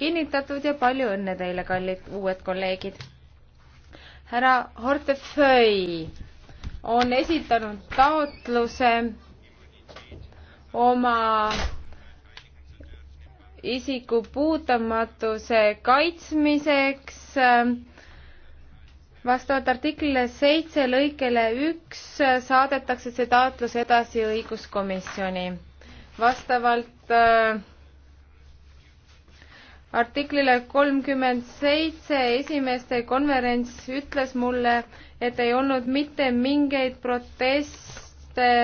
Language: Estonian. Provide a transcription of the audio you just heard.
kinnitatud ja palju õnne teile, kallid uued kolleegid. härra Hortefeuille on esitanud taotluse oma isiku puutumatuse kaitsmiseks ähm, vastavalt artiklile seitse lõikele üks saadetakse see taotlus edasi õiguskomisjoni vastavalt äh, artiklile kolmkümmend seitse esimeste konverents ütles mulle, et ei olnud mitte mingeid proteste